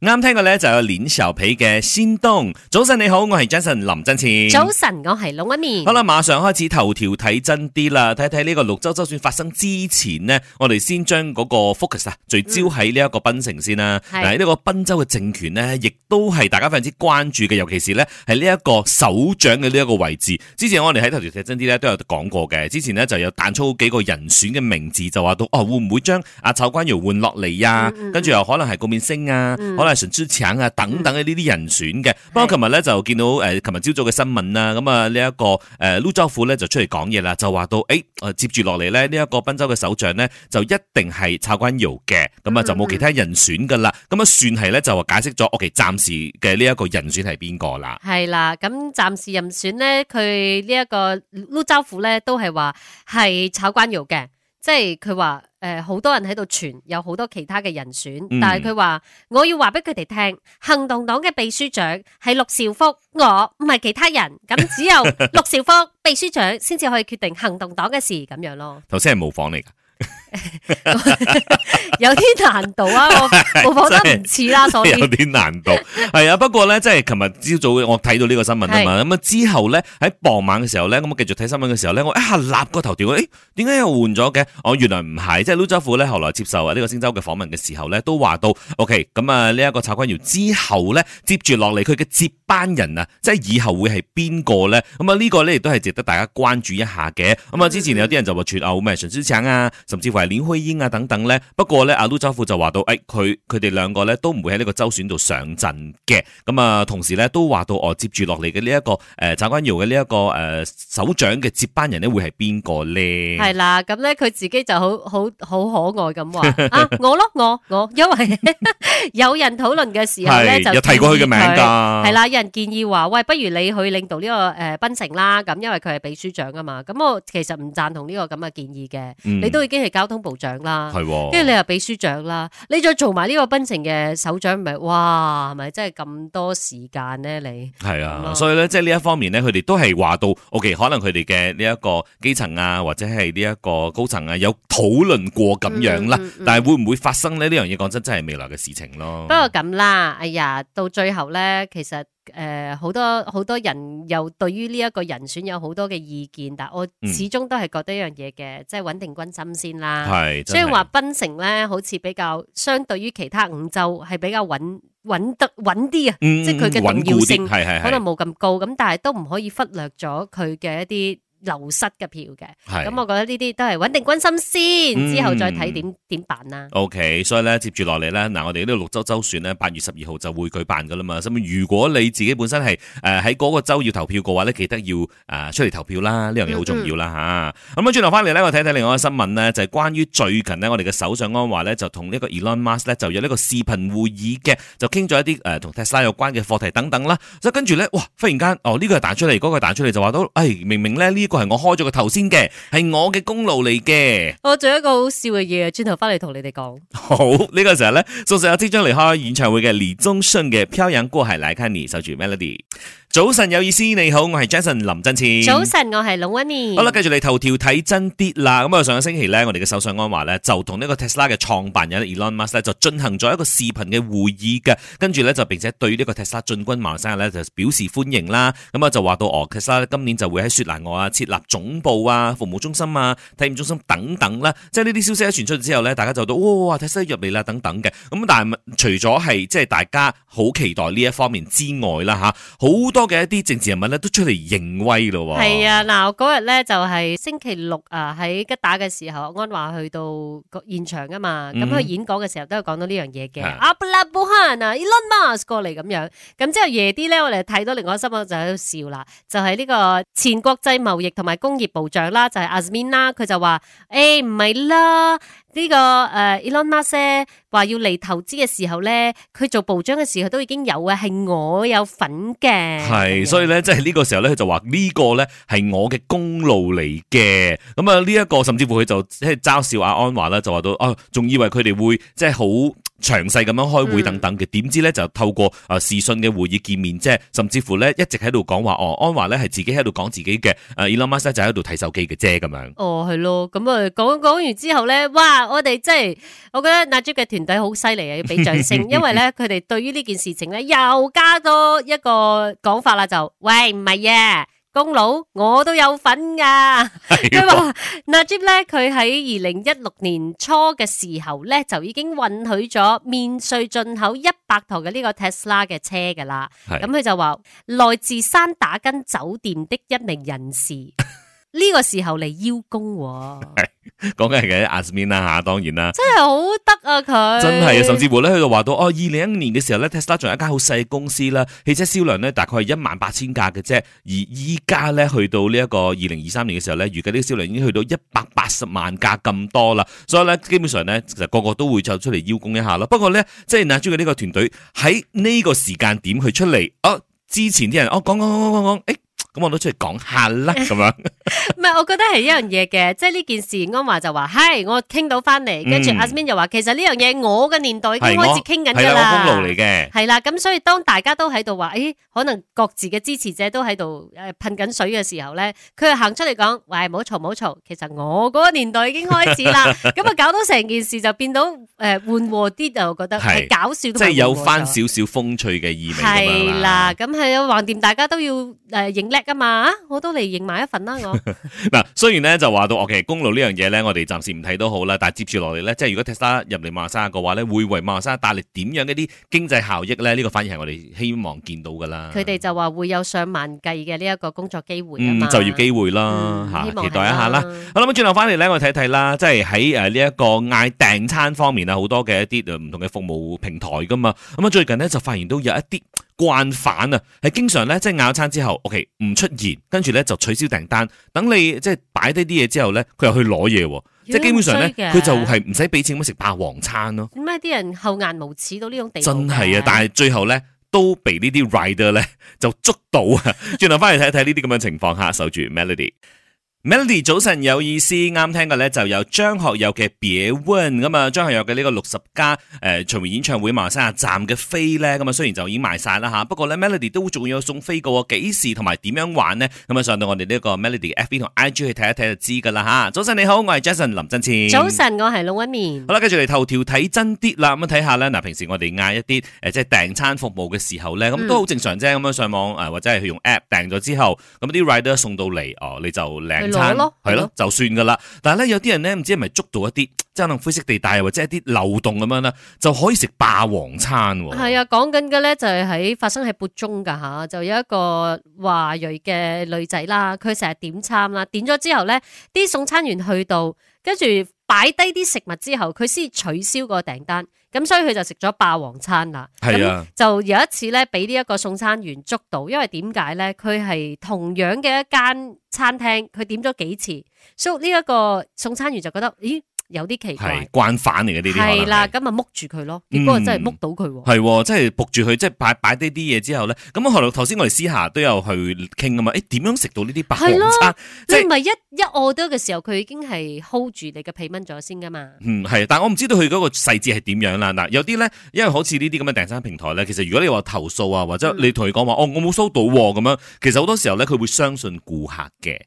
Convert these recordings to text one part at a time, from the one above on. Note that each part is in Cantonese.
啱聽嘅，咧就是，有臉熟皮嘅先東，早晨你好，我係 Jason 林振前。早晨，我係龍一棉。好啦，馬上開始頭條睇真啲啦，睇睇呢個六州州選發生之前呢，我哋先將嗰個 focus 啊，聚焦喺呢一個檳城先啦。嗱、嗯，呢個檳州嘅政權呢，亦都係大家非常之關注嘅，尤其是呢係呢一個首長嘅呢一個位置。之前我哋喺頭條睇真啲呢都有講過嘅，之前呢就有彈出幾個人選嘅名字就，就話到哦會唔會將阿丑關堯換落嚟啊？跟住、嗯嗯、又可能係郭面升啊？嗯係純粹請啊，等等嘅呢啲人選嘅。不過琴日咧就見到誒，琴日朝早嘅新聞啦，咁啊呢一個誒，瀘、呃、州府咧就出嚟講嘢啦，就話到誒、哎呃，接住落嚟咧呢一個賓州嘅首長咧就一定係炒關姚嘅，咁啊、嗯嗯、就冇其他人選噶啦。咁啊、嗯嗯、算係咧就話解釋咗，我、okay, 哋暫時嘅呢一個人選係邊個啦。係啦，咁暫時任選咧，佢呢一個瀘州府咧都係話係炒關姚嘅。即係佢話誒，好多人喺度傳有好多其他嘅人選，但係佢話我要話俾佢哋聽，行動黨嘅秘書長係陸兆福，我唔係其他人，咁只有陸兆福 秘書長先至可以決定行動黨嘅事咁樣咯。頭先係模仿嚟噶。 有啲難度啊，我我覺得唔似啦，所以 有啲難度係啊。 不過咧，即係琴日朝早我睇到呢個新聞啊嘛。咁啊對之後咧喺傍晚嘅時候咧，咁啊繼續睇新聞嘅時候咧，我一下立個頭條，誒，點解又換咗嘅？我、欸哦、原來唔係，即係盧澤富咧，後來接受啊呢個星洲嘅訪問嘅時候咧，都話到 OK、嗯。咁啊呢一個蔡君堯之後咧，接住落嚟佢嘅接班人啊，即係以後會係邊、嗯這個咧？咁啊呢個咧亦都係值得大家關注一下嘅。咁啊之前有啲人就話脫歐咩陳思請啊，甚至乎。捻開英啊，等等咧。不過咧，阿盧州府就話到，誒、哎，佢佢哋兩個咧都唔會喺呢個州選度上陣嘅。咁啊，同時咧都話到，我接住落嚟嘅呢一個誒，查關耀嘅呢一個誒，首長嘅接班人咧會係邊個咧？係啦，咁咧佢自己就好好好可愛咁話 啊，我咯，我我，因為有人討論嘅時候咧，就 有提過佢嘅名噶。係啦，有人建議話，喂，不如你去領導呢、這個誒，檳、呃、城啦。咁因為佢係秘書長啊嘛。咁我其實唔贊同呢個咁嘅建議嘅。你都已經係交通。部長啦，跟住的你又秘書長啦，你再做埋呢個檳城嘅首長，咪哇，係咪真係咁多時間咧？你係啊，嗯、所以咧，即係呢一方面咧，佢哋都係話到，OK，可能佢哋嘅呢一個基層啊，或者係呢一個高層啊，有討論過咁樣啦，嗯嗯、但係會唔會發生呢？呢樣嘢講真，真係未來嘅事情咯。不過咁啦，哎呀，到最後咧，其實。誒，好、呃、多好多人又對於呢一個人選有好多嘅意見，但我始終都係覺得一樣嘢嘅，嗯、即係穩定軍心先啦。係，所以話檳城咧，好似比較相對於其他五州係比較穩穩得穩啲啊，嗯、即係佢嘅重要性可能冇咁高，咁、嗯、但係都唔可以忽略咗佢嘅一啲流失嘅票嘅，咁是我覺得呢啲都係穩定軍心先，嗯、之後再睇點點辦啦。O、okay, K，所以咧接住落嚟咧，嗱我哋呢個六州州選咧，八月十二號就會舉辦噶啦嘛。咁如果你自己本身係誒喺嗰個州要投票嘅話咧，記得要誒、呃、出嚟投票啦，呢樣嘢好重要啦嚇。咁、嗯、啊轉頭翻嚟咧，我睇睇另外個新聞咧，就係、是、關於最近呢，我哋嘅首相安華咧就同、e、呢個 Elon Musk 咧就有呢個視頻會議嘅，就傾咗一啲誒同 Tesla 有關嘅課題等等啦。咁跟住咧，哇，忽然間哦呢、哦這個那個彈出嚟，嗰、那個彈出嚟就話到，誒、哎呃哎呃哎呃、明明咧呢、這個。係我開咗個頭先嘅，係我嘅功勞嚟嘅。我做一個好笑嘅嘢，轉頭翻嚟同你哋講。好呢、這個時候咧,送上有即將嚟開演唱會嘅李宗盛嘅《漂洋過海來看你》，守住 Melody。早晨有意思，你好，我係 Jason 林振千。早晨，我係龍 Winnie。好啦，繼續嚟頭條睇真啲啦。咁、嗯、啊，上個星期咧，我哋嘅首相安華咧就同呢個 Tesla 嘅創辦人 Elon Musk 就進行咗一個視頻嘅會議嘅，跟住咧就並且對呢個 Tesla 進軍馬來西亞咧就表示歡迎啦。咁、嗯、啊就話到哦，Tesla 今年就會喺雪蘭莪啊設立總部啊服務中心啊體驗中心等等啦。即係呢啲消息一傳出之後咧，大家就覺得哇，Tesla 入嚟啦等等嘅。咁但係除咗係即係大家好期待呢一方面之外啦吓，好多。嘅一啲政治人物咧都出嚟認威咯，係啊！嗱，嗰日咧就係星期六啊，喺吉打嘅時候，安華去到個現場啊嘛，咁佢、嗯、演講嘅時候都有講到呢樣嘢嘅。阿布拉布罕啊，伊魯馬斯過嚟咁樣，咁之後夜啲咧，我哋睇到另外一個新聞就喺度笑啦，就係、是、呢個前國際貿易同埋工業部長啦，就係阿斯敏啦。佢就話誒唔係啦。呢個誒 Elon Musk 咧話要嚟投資嘅時候咧，佢做部長嘅時候都已經有嘅，係我有份嘅。係，所以咧，即係呢個時候咧，佢就話呢個咧係我嘅功勞嚟嘅。咁啊，呢一個甚至乎佢就即係嘲笑阿安華啦，就話到哦，仲以為佢哋會即係好詳細咁樣開會等等嘅，點知咧就透過啊視訊嘅會議見面，即係甚至乎咧一直喺度講話哦，安華咧係自己喺度講自己嘅誒 Elon Musk 就喺度睇手機嘅啫咁樣。哦，係咯，咁啊講講完之後咧，哇！我哋即係，我覺得納吉嘅團隊好犀利啊，要俾掌聲。因為咧，佢哋對於呢件事情咧，又加多一個講法啦，就喂，唔係啊，功勞，我都有份噶。佢話納吉咧，佢喺二零一六年初嘅時候咧，就已經允許咗免稅進口一百台嘅呢個 Tesla 嘅車噶啦。咁佢就話來自山打根酒店的一名人士。呢個時候嚟邀功，啊，係講緊係嘅阿斯敏啦吓，當然啦，真係好得啊佢。真係啊，甚至乎咧佢就話到哦，二零一五年嘅時候咧，Tesla 仲有一間好細公司啦，汽車銷量咧大概係一萬八千架嘅啫，而依家咧去到呢一個二零二三年嘅時候咧，預計呢個銷量已經去到一百八十萬架咁多啦，所以咧基本上咧其實個個都會就出嚟邀功一下咯。不過咧，即係阿朱嘅呢個團隊喺呢個時間點去出嚟，哦，之前啲人哦講講講講講，誒。咁我都出嚟講下啦，咁樣。唔係，我覺得係一樣嘢嘅，即係呢件事。安華就話，係我傾到翻嚟，跟住阿 Min 又話，其實呢樣嘢我嘅年代已經開始傾緊噶啦。係啦，功勞嚟嘅。係啦，咁所以當大家都喺度話，誒，可能各自嘅支持者都喺度誒噴緊水嘅時候咧，佢又行出嚟講，喂，唔好嘈，唔好嘈，其實我嗰個年代已經開始啦。咁啊，搞到成件事就變到誒緩和啲，就覺得係搞笑，即係有翻少少風趣嘅意味。係啦，咁係啊，橫掂大家都要誒認叻噶嘛，我都嚟認埋一份啦。我嗱，雖然咧就話到，OK，公路呢樣嘢咧，OK，我哋暫時唔睇都好啦。但係接住落嚟咧，即係如果 Tesla 入嚟馬鞍山嘅話咧，會為馬鞍山帶嚟點樣嘅啲經濟效益咧？呢、這個反而係我哋希望見到噶啦。佢哋就話會有上萬計嘅呢一個工作機會、嗯、就業機會啦吓，期待一下啦。啊、好啦，咁轉頭翻嚟咧，我睇睇啦，即係喺誒呢一個嗌訂餐方面啊，好多嘅一啲唔同嘅服務平台噶嘛。咁啊，最近咧就發現到有一啲。慣犯啊，係經常咧，即係咬餐之後，OK 唔出現，跟住咧就取消訂單。等你即係擺低啲嘢之後咧，佢又去攞嘢，如果 即係基本上咧，佢的就係唔使俾錢咁食霸王餐咯。點解啲人厚顏無恥到呢種地步？真係啊！但係最後咧，都被呢啲 rider 咧就捉到啊！轉頭翻嚟睇一睇呢啲咁嘅情況下，守住 Melody。Melody 早晨有意思，啱聽嘅咧就有張學友嘅《別溫》咁啊，張學友嘅呢個六十加誒巡回演唱會馬來西亞站嘅飛咧，咁啊雖然就已經賣晒啦吓，不過咧 Melody 都仲要送飛個，幾時同埋點樣玩呢？咁啊上到我哋呢個 Melody 嘅 F B 同 I G 去睇一睇就知噶啦吓。早晨你好，我係 Jason 林振前。早晨，我係 Amy。好啦，繼續嚟《頭條睇真啲》啦，咁啊睇下咧，嗱平時我哋嗌一啲誒即係訂餐服務嘅時候咧，咁、嗯、都好正常啫。咁啊上網誒或者係用 App 訂咗之後，咁啲 ride 都送到嚟哦，你就靚。係咯，係咯，就算噶啦。但係咧，有啲人咧唔知係咪捉到一啲即係可能灰色地帶，或者一啲漏洞咁樣咧，就可以食霸王餐。係啊，講緊嘅咧就係喺發生喺博中噶吓，就有一個華裔嘅女仔啦，佢成日點餐啦，點咗之後咧，啲送餐員去到，跟住。擺低啲食物之後，佢先取消個訂單，咁所以佢就食咗霸王餐啦。咁係、啊、就有一次呢，俾呢一個送餐員捉到，因為點解呢？佢係同樣嘅一間餐廳，佢點咗幾次，所以呢一個送餐員就覺得，咦？有啲奇怪，慣犯嚟嘅呢啲，係啦，咁啊的，木住佢咯，不過、嗯、真係木到佢，係，真係仆住佢，即係擺擺低啲嘢之後咧，咁啊，後來頭先我哋私下都有去傾啊嘛，誒、欸，點樣食到呢啲霸王餐？即係咪一一餓到嘅時候，佢已經係 hold 住你嘅屁蚊咗先噶嘛？嗯，係，但係我唔知道佢嗰個細節係點樣啦。嗱，有啲咧，因為好似呢啲咁嘅訂餐平台咧，其實如果你話投訴啊，或者你同佢講話，哦，我冇收到咁樣，其實好多時候咧，佢會相信顧客嘅。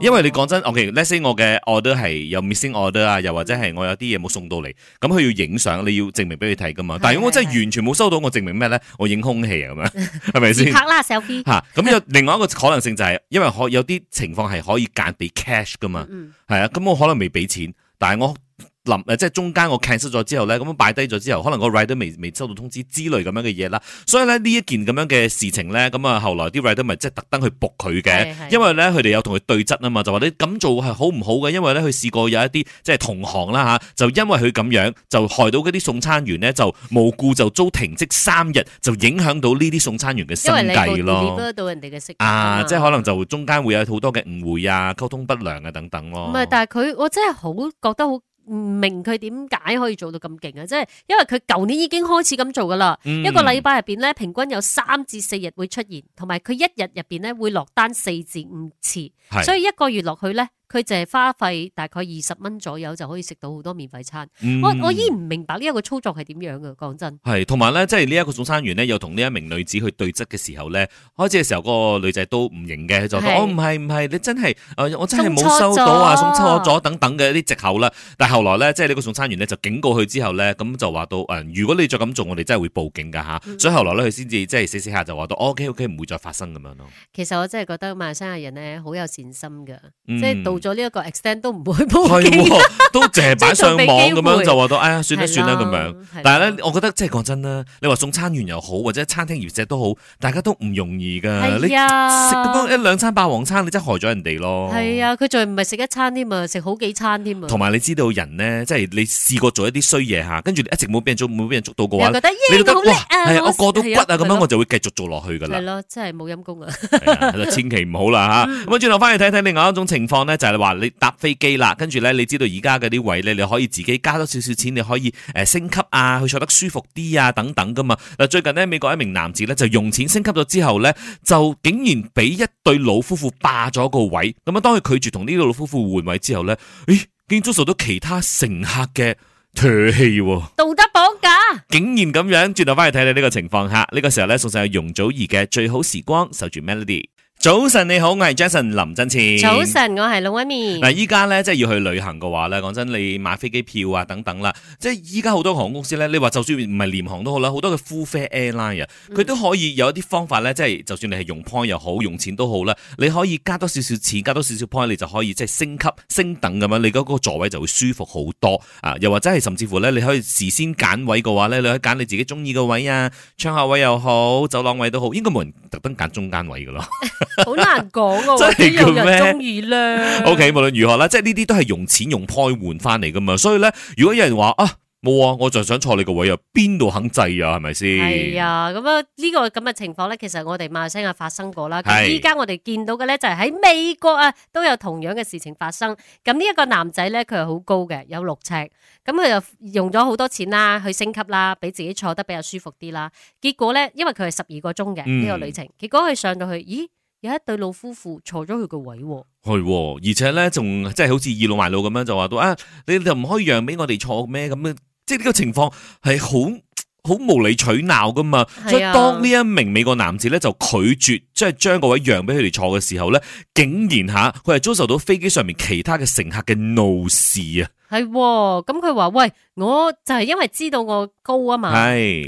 因為你講真，OK，let's、嗯、say、okay，我嘅 order 係有 missing order 啊，又或者係我有啲嘢冇送到嚟，咁佢要影相，你要證明俾佢睇噶嘛。但係如果我真係完全冇收到，我證明咩咧？我影空氣啊咁樣，係咪先？是是 自拍啦機 selfie 咁有另外一個可能性就係、是，因為可有啲情況係可以間俾 cash 噶嘛、啊。嗯。係啊、嗯，咁、嗯、我可能未俾錢，但係我。即係中間我 cancel 咗之後呢，咁樣擺低咗之後，可能個 rider 都未未收到通知之類咁樣嘅嘢啦。所以呢，呢一件咁樣嘅事情呢，咁啊後來啲 rider 咪即係特登去駁佢嘅，因為呢，佢哋有同佢對質啊嘛，就話你咁做係好唔好嘅，因為呢，佢試過有一啲即係同行啦吓、啊，就因為佢咁樣就害到嗰啲送餐員呢，就無故就遭停職三日，就影響到呢啲送餐員嘅生計咯。到人哋嘅啊，啊即係可能就中間會有好多嘅誤會啊、溝通不良啊等等咯。唔係，但係佢我真係好覺得好。唔明佢點解可以做到咁勁啊！即係因為佢舊年已經開始咁做噶啦，嗯、一個禮拜入邊咧平均有三至四日會出現，同埋佢一日入邊咧會落單四至五次，是所以一個月落去咧。佢就係花費大概二十蚊左右就可以食到好多免費餐。嗯我，我我依然唔明白呢一個操作係點樣嘅，講真。係，同埋咧，即係呢一個送餐員呢，又同呢一名女子去對質嘅時候咧，開始嘅時候嗰個女仔都唔認嘅，佢就話哦唔係唔係，你真係，uh, 我真係冇收到啊，送錯咗等等嘅一啲藉口啦。但係後來咧，即係呢個送餐員咧就警告佢之後咧，咁就話到誒，如果你再咁做，我哋真係會報警嘅嚇。嗯、所以後來咧，佢先至即係試試下就話到，OK OK，唔會再發生咁樣咯。其實我真係覺得馬來西亞人咧好有善心嘅，即係到。嗯做呢一個 extend 都唔會冇機會，都淨係擺上網咁樣就話到，哎呀算啦算啦咁樣。但係咧，我覺得即係講真啦，你話送餐員又好，或者餐廳業者都好，大家都唔容易㗎。你食咁多一兩餐霸王餐，你真係害咗人哋咯。係啊，佢仲唔係食一餐添啊，食好幾餐添啊。同埋你知道人咧，即係你試過做一啲衰嘢嚇，跟住你一直冇俾人捉，冇俾人捉到嘅話，你覺得耶我叻，我過到骨啊咁樣，我就會繼續做落去㗎啦。係咯，真係冇陰功啊！係千祈唔好啦嚇。咁啊，轉頭翻去睇睇另外一種情況咧。就係話你搭飛機啦，跟住呢，你知道而家嗰啲位呢，你可以自己加多少少錢，你可以誒升級啊，去坐得舒服啲啊，等等噶嘛。嗱，最近呢，美國一名男子呢，就用錢升級咗之後呢，就竟然俾一對老夫婦霸咗個位。咁啊，當佢拒絕同呢對老夫婦換位之後呢，咦，竟然遭受到其他乘客嘅唾棄，道德綁架，竟然咁樣轉頭翻嚟睇你呢個情況吓。呢個時候呢，送上容祖兒嘅《最好時光》，守住 Melody。早晨你好，我係 Jason 林振前。早晨，我係老 Amy 嗱，依家咧即係要去旅行嘅話咧，講真，你買飛機票啊等等啦，即係依家好多航空公司咧，你話就算唔係廉航都好啦，好多嘅 full fare airline，佢都可以有一啲方法咧，嗯、即係就算你係用 point 又好，用錢都好啦，你可以加多少少錢，加多少少 point，你就可以即係升級升等咁樣，你嗰個座位就會舒服好多啊。又或者係甚至乎咧，你可以事先揀位嘅話咧，你可以揀你自己中意嘅位啊窗口位又好，走廊位都好，應該冇人特登揀中間位嘅咯。 好難講個， 真係叫咩？中意咧。O K，無論如何啦，即係呢啲都係用錢用胎 a y 換翻嚟噶嘛。所以咧，如果有人話啊冇啊，我就想坐你個位啊，邊度肯制啊？係咪先？係啊。咁啊，呢個咁嘅情況咧，其實我哋馬來西亞發生過啦。咁依家我哋見到嘅咧，就係喺美國啊，都有同樣嘅事情發生。咁呢一個男仔咧，佢係好高嘅，有六尺。咁佢就用咗好多錢啦，去升級啦，俾自己坐得比較舒服啲啦。結果咧，因為佢係十二個鐘嘅呢個旅程，嗯、結果佢上到去，咦？有一對老夫婦坐咗佢個位，係， 而且咧仲即係好似倚老賣老咁樣，就話到啊，你就唔可以讓俾我哋坐咩咁樣？即係呢個情況係好好無理取鬧噶嘛。啊、所以當呢一名美國男子咧就拒絕即係將個位讓俾佢哋坐嘅時候咧，竟然吓佢係遭受到飛機上面其他嘅乘客嘅怒視啊！係，咁佢話喂，我就係因為知道我高啊嘛，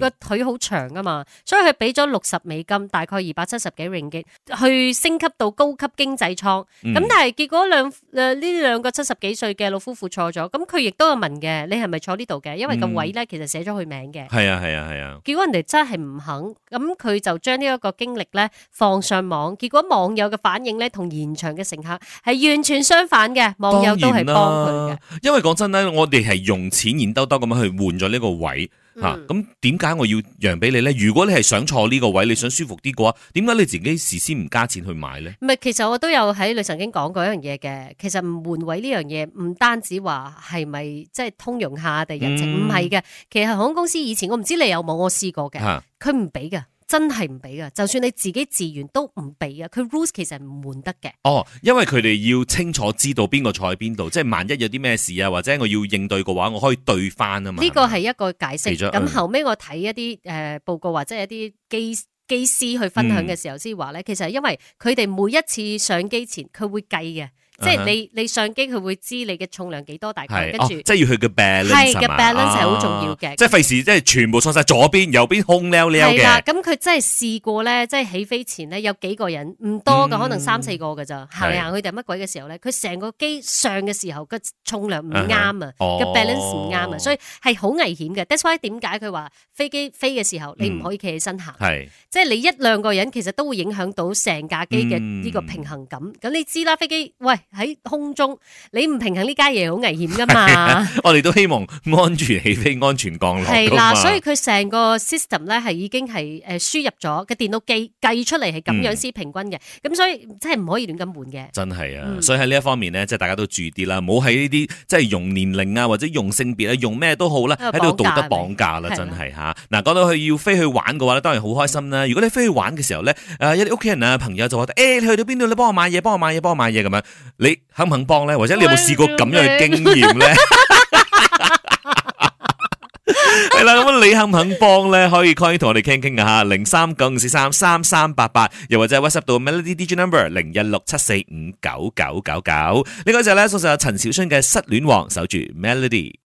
個的腿好長啊嘛，所以佢俾咗六十美金，大概二百七十幾 ringgit 去升級到高級經濟艙。咁、嗯、但係結果兩誒呢兩個七十幾歲嘅老夫婦坐咗，咁佢亦都有問嘅，你係咪坐呢度嘅？因為個位咧其實寫咗佢名嘅。係啊係啊係啊。結果人哋真係唔肯，咁佢就將呢一個經歷咧放上網。結果網友嘅反應咧同現場嘅乘客係完全相反嘅，網友都係幫佢嘅，因為真咧，我哋係用錢現兜兜咁樣去換咗呢個位吓，咁點解我要讓俾你咧？如果你係想坐呢個位，你想舒服啲嘅話，點解你自己事先唔加錢去買咧？唔係，其實我都有喺你曾經講過一樣嘢嘅。其實換位呢樣嘢唔單止話係咪即係通融下定係人情，唔係嘅。其實航空公司以前我唔知你有冇我試過嘅，佢唔俾噶。真係唔俾噶，就算你自己自願都唔俾啊！佢 rules 其實唔換得嘅。哦，因為佢哋要清楚知道邊個坐喺邊度，即係萬一有啲咩事啊，或者我要應對嘅話，我可以對翻啊嘛。呢個係一個解釋。咁中後尾我睇一啲誒報告或者一啲機機師去分享嘅時候先話咧，嗯、其實係因為佢哋每一次上機前佢會計嘅。即係你你上機佢會知你嘅重量幾多大概，跟住即係要佢嘅 balance 係嘅 balance 係好重要嘅，即係費事即係全部坐晒左邊右邊空撩撩嘅。係啦，咁佢真係試過咧，即係起飛前咧有幾個人唔多噶，可能三四個噶咋行嚟行去定係乜鬼嘅時候咧，佢成個機上嘅時候個重量唔啱啊，個 balance 唔啱啊，所以係好危險嘅。That’s why 點解佢話飛機飛嘅時候你唔可以企起身行，即係你一兩個人其實都會影響到成架機嘅呢個平衡感。咁你知啦，飛機喂。喺空中，你唔平衡呢家嘢好危險噶嘛？ 我哋都希望安全起飛、安全降落。係啦，所以佢成個 system 咧係已經係誒輸入咗個電腦機計出嚟係咁樣先平均嘅，咁、嗯、所以即係唔可以亂咁換嘅。真係啊，嗯、所以喺呢一方面咧，即係大家都注意啲啦，冇喺呢啲即係用年齡啊，或者用性別啊，用咩都好啦，喺度道德綁架啦，真係吓。嗱，講到佢要飛去玩嘅話咧，當然好開心啦、啊。的如果你飛去玩嘅時候咧，誒有啲屋企人啊朋友就話誒、欸、你去到邊度你幫我買嘢，幫我買嘢，幫我買嘢咁樣。你肯唔肯幫咧？或者你有冇試過咁樣嘅經驗咧？係 啦， 咁你肯唔肯幫咧？可以可以同我哋傾一傾啊！零三九五四三三三八八，又或者 WhatsApp 到 Melody DJ number 零一六七四五九九九九。呢個就係咧，送上陳小春嘅《失戀王》，守住 Melody。